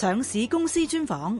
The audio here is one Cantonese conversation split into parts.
上市公司專訪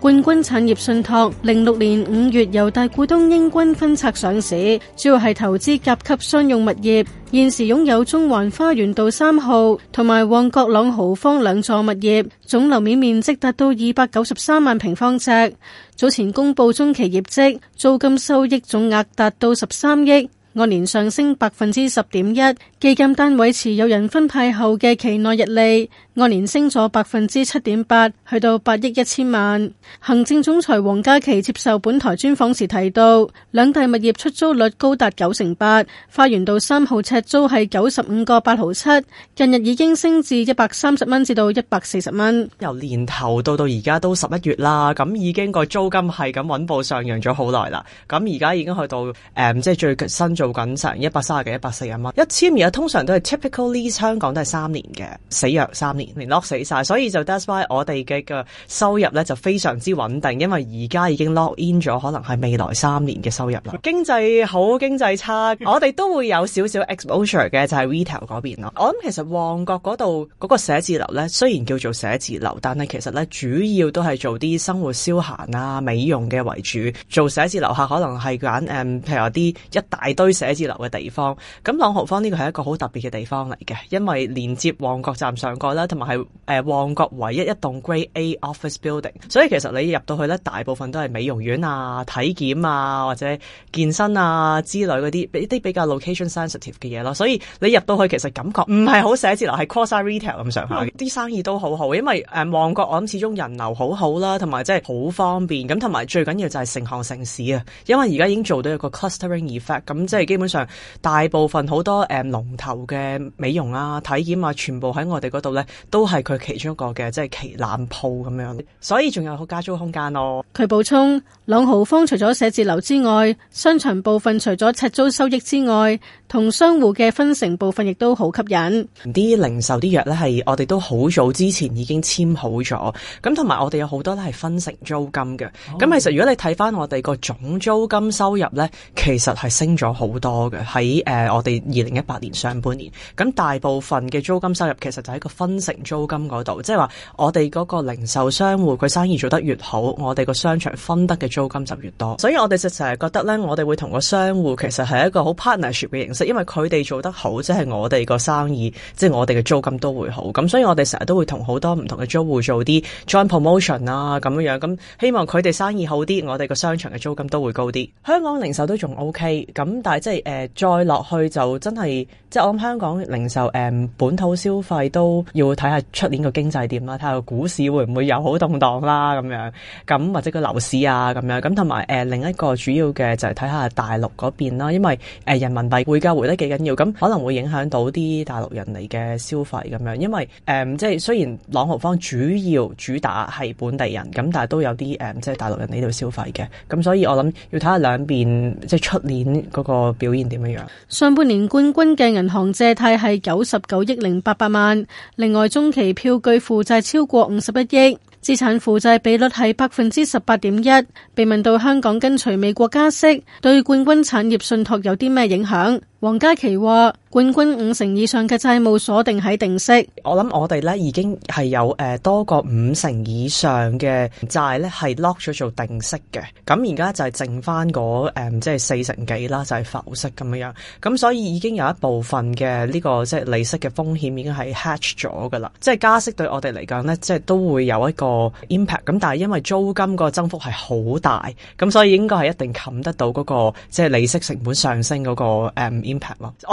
冠君產業信託，零六年五月由大股東鷹君分拆上市，主要係投資甲級商用物業。現時擁有中環花園道三號同埋旺角朗豪坊兩座物業，總樓面面積達到二百九十三萬平方呎。早前公佈中期業績，租金收益總額達到十三億。按年上升百分之十點一，基金單位持有人分派後嘅期內溢利按年升咗百分之七點八，去到八億一千萬。行政總裁王家琦接受本台專訪時提到，兩大物業出租率高達九成八，花園道三號尺租係九十五個八毫七，近日已經升至一百三十蚊至到一百四十蚊。由年頭到到而家都十一月啦，咁已經個租金係咁穩步上揚咗好耐啦。咁而家已經去到誒、嗯，即係最新做。做緊成一百三十幾、一百四十蚊，一千二，通常都係 typical lease 香港都係三年嘅，死約三年連 lock 死晒。所以就 that's why 我哋嘅嘅收入呢就非常之穩定，因為而家已經 lock in 咗，可能係未來三年嘅收入啦。經濟好經濟差， 我哋都會有少少 exposure 嘅，就係、是、retail 嗰邊咯。我諗其實旺角嗰度嗰個寫字樓呢，雖然叫做寫字樓，但係其實呢主要都係做啲生活消閒啊、美容嘅為主，做寫字樓客可能係揀譬如話啲一大堆。寫字樓嘅地方，咁朗豪坊呢個係一個好特別嘅地方嚟嘅，因為連接旺角站上蓋啦，同埋係誒旺角唯一一棟 Grade A office building，所以其實你入到去咧，大部分都係美容院啊、體檢啊或者健身啊之類啲一啲比較 location sensitive 嘅嘢咯，所以你入到去其實感覺唔係好寫字樓，係 cross retail 咁上下，啲、嗯、生意都好好，因為誒旺角我諗始終人流好好啦，同埋真係好方便，咁同埋最緊要就係成行成市啊，因為而家已經做到一個 clustering effect，咁即即基本上，大部分好多誒龍頭嘅美容啊、體檢啊，全部喺我哋嗰度咧，都係佢其中一個嘅，即係旗艦鋪咁樣。所以仲有好加租空間咯。佢補充，朗豪坊除咗寫字樓之外，商場部分除咗赤租收益之外，同商戶嘅分成部分亦都好吸引。啲零售啲藥咧，係我哋都好早之前已經簽好咗。咁同埋我哋有好多咧係分成租金嘅。咁、oh. 其實如果你睇翻我哋個總租金收入咧，其實係升咗好。好多嘅喺誒我哋二零一八年上半年，咁大部分嘅租金收入其實就喺個分成租金嗰度，即係話我哋嗰個零售商戶佢生意做得越好，我哋個商場分得嘅租金就越多。所以我哋就成日覺得咧，我哋會同個商戶其實係一個好 partnership 嘅形式，因為佢哋做得好，即係我哋個生意，即係我哋嘅租金都會好。咁所以我哋成日都會同好多唔同嘅租戶做啲 join promotion 啦、啊，咁樣樣，咁希望佢哋生意好啲，我哋個商場嘅租金都會高啲。香港零售都仲 OK，咁但係即係誒，再落去就真係，即係我諗香港零售誒本土消費都要睇下出年個經濟點啦，睇下個股市會唔會有好動盪啦咁樣，咁或者個樓市啊咁樣，咁同埋誒另一個主要嘅就係睇下大陸嗰邊啦，因為誒人民幣匯價回得幾緊要，咁可能會影響到啲大陸人嚟嘅消費咁樣，因為誒、嗯、即係雖然朗豪坊主要主打係本地人，咁但係都有啲即係大陸人嚟度消費嘅，咁所以我諗要睇下兩邊即出年嗰個。表現點樣？上半年冠君嘅銀行借貸係九十九億零八百萬，另外中期票據負債超過五十一億，資產負債比率係百分之十八點一。被問到香港跟隨美國加息，對冠君產業信託有啲咩影響？王家琦話：冠君五成以上嘅債務鎖定喺定息。我諗我哋咧已經係有誒多過五成以上嘅債咧係 lock 咗做定息嘅。咁而家就係剩翻嗰誒即係四成幾啦，就係、是、浮息咁樣樣。咁所以已經有一部分嘅呢、這個即係、就是、利息嘅風險已經係 hatch 咗噶啦。即、就、係、是、加息對我哋嚟講咧，即、就、係、是、都會有一個 impact。咁但係因為租金個增幅係好大，咁所以應該係一定冚得到嗰、那個即係、就是、利息成本上升嗰、那個誒。嗯。我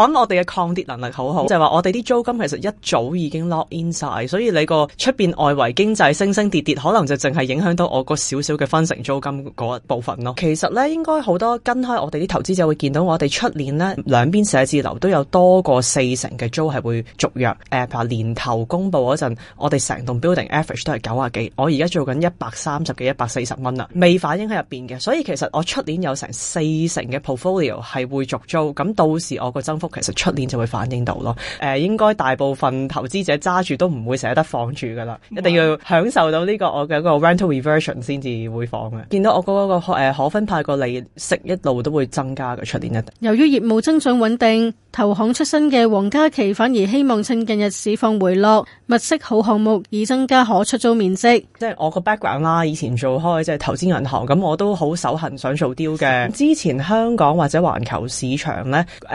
諗我哋嘅抗跌能力好好，就係話我哋啲租金其實一早已經 lock in 晒。所以你個出邊外圍經濟升升跌跌，可能就淨係影響到我個少少嘅分成租金嗰一部分咯。其實呢，應該好多跟開我哋啲投資者會見到我哋出年呢兩邊寫字樓都有多過四成嘅租係會續約。誒、呃，話年頭公布嗰陣，我哋成棟 building average 都係九啊幾，我而家做緊一百三十幾一百四十蚊啦，未反映喺入邊嘅，所以其實我出年有成四成嘅 portfolio 係會續租咁到。事我個增幅，其實出年就會反映到咯，誒、呃，應該大部分投資者揸住都唔會捨得放住噶啦，哇一定要享受到呢個我嘅個 rental reversion 先至會放嘅。見到我嗰個誒可分派個利息一路都會增加嘅出年一定。由於業務增長穩定，投行出身嘅王家琦反而希望趁近日市況回落，物色好項目以增加可出租面積。即係我個 background 啦，以前做開即係投資銀行，咁我都好手痕想做 deal 嘅。之前香港或者環球市場咧。呃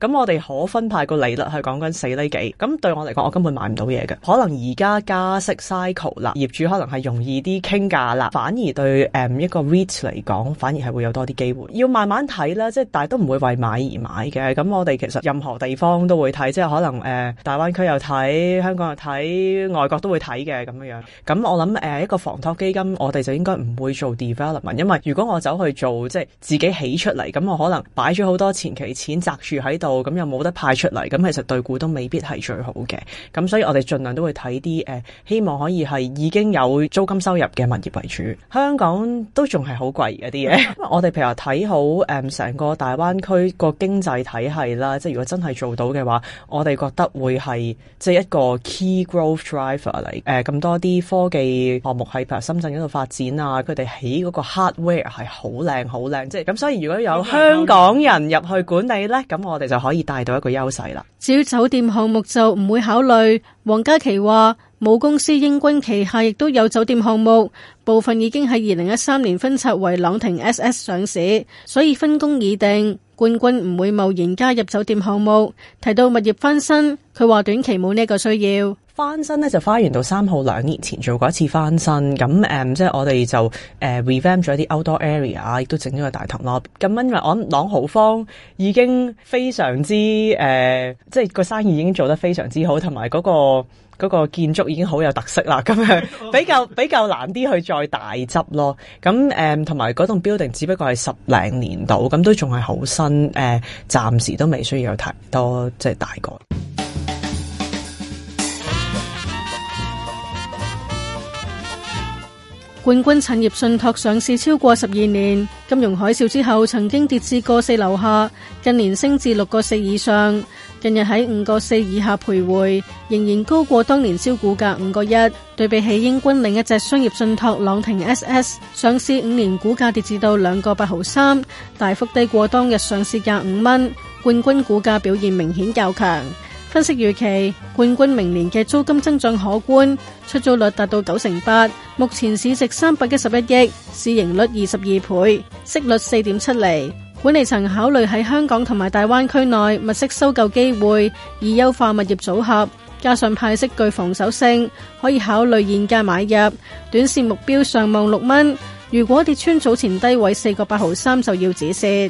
咁我哋可分派個利率係講緊四厘幾，咁對我嚟講，我根本買唔到嘢嘅。可能而家加息 cycle 啦，業主可能係容易啲傾價啦，反而對誒、嗯、一個 REIT 嚟講，反而係會有多啲機會。要慢慢睇啦，即係但都唔會為買而買嘅。咁我哋其實任何地方都會睇，即係可能誒、呃、大灣區又睇，香港又睇，外國都會睇嘅咁樣樣。咁我諗誒、呃、一個房託基金，我哋就應該唔會做 development，因為如果我走去做即係自己起出嚟，咁我可能擺咗好多前期錢擲住喺度。咁又冇得派出嚟，咁其實對股都未必係最好嘅。咁所以我哋盡量都會睇啲誒，希望可以係已經有租金收入嘅物業為主。香港都仲係 好貴啲嘢。我哋譬如話睇好誒，成個大灣區個經濟體系啦，即係如果真係做到嘅話，我哋覺得會係即係一個 key growth driver 嚟。誒、呃，咁多啲科技項目喺譬如深圳度發展啊，佢哋起個 hardware 係好靚好靚，即係咁。所以如果有香港人入去管理咧，咁我哋就。可以帶到一個優勢啦。至於酒店項目就唔會考慮。王家琦話，母公司鷹君旗下亦都有酒店項目，部分已經喺二零一三年分拆為朗廷 SS 上市，所以分工已定。冠君唔會貿然加入酒店項目。提到物業翻新，佢話短期冇呢個需要。翻新咧就花園道三號兩年前做過一次翻新，咁誒即係我哋就誒、嗯、revamp 咗一啲 outdoor area，亦都整咗個大堂咯。咁因為我諗朗豪坊已經非常之誒，即、嗯、係、就是、個生意已經做得非常之好，同埋嗰個。嗰個建築已經好有特色啦，咁樣比較比較難啲去再大執咯。咁誒，同埋嗰棟 building 只不過係十零年度，咁都仲係好新，誒、呃，暫時都未需要有太多即係大改。冠君產業信託上市超過十二年，金融海嘯之後曾經跌至個四樓下，近年升至六個四以上。近日喺五個四以下徘徊，仍然高過當年招股價五個一。對比起鷹君另一隻商業信託朗廷 S S，上市五年股價跌至到兩個八毫三，大幅低過當日上市價五蚊。冠君股價表現明顯較強。分析預期，冠君明年嘅租金增長可觀，出租率達到九成八，目前市值三百一十一億，市盈率二十二倍，息率四點七厘。管理層考慮喺香港同埋大灣區內物色收購機會，以優化物業組合。加上派息具防守性，可以考慮現價買入。短線目標上望六蚊，如果跌穿早前低位四個八毫三，就要止蝕。